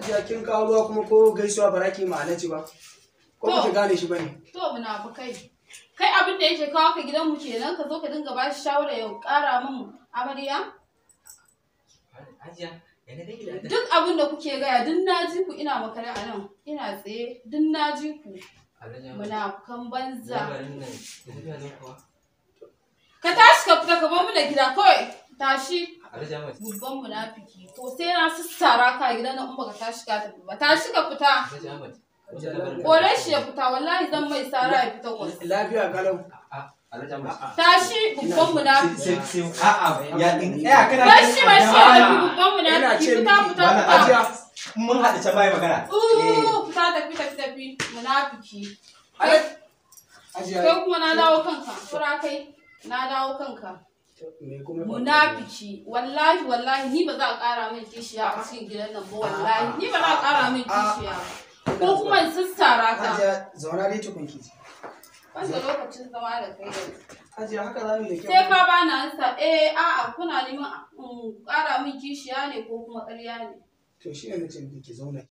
Hajiya kin kawo ruwa kuma ko gaisuwa ba ki ma'ana ci ba. Ko ba ki gane shi bane. To muna ba kai. Kai abin da yake kawo ka gidanmu kenan ka zo ka dinga ba shi shawara ya kara min amarya. Duk abin da kuke gaya duk na ji ku ina makare a nan ina tsaye duk na ji ku. Muna kan banza. Ka tashi ka fita ka bar mu da gida kawai tashi. Babban munafiki. To sai na sassara ka gidan na in baka tashi ka tafi ba. Ta shiga fita. Kore shi ya fita wallahi zan mai tsara ya fita wasu. Lafiya kalau. Tashi babban munafiki. A'a ya din. Eh kana. Bashi bashi ya babban munafiki fita fita fita. Mun haɗu can baya magana. Uh fita tafi tafi tafi munafiki. Kai kuma na dawo kanka. Kura kai na dawo kanka. munafici wallahi wallahi ni ba za a kara min kishiya a cikin gidan nan ba wallahi ni ba za a kara min kishiya ko kuma in sassara ka zauna dai tukun ki wanda lokacin zama da kai Ajiya haka za mu da kyau. Sai ka ba na ansa eh a'a kuna neman mm, ƙara min kishiya ne ko kuma ƙarya ne. To shi ne mutum ki zauna.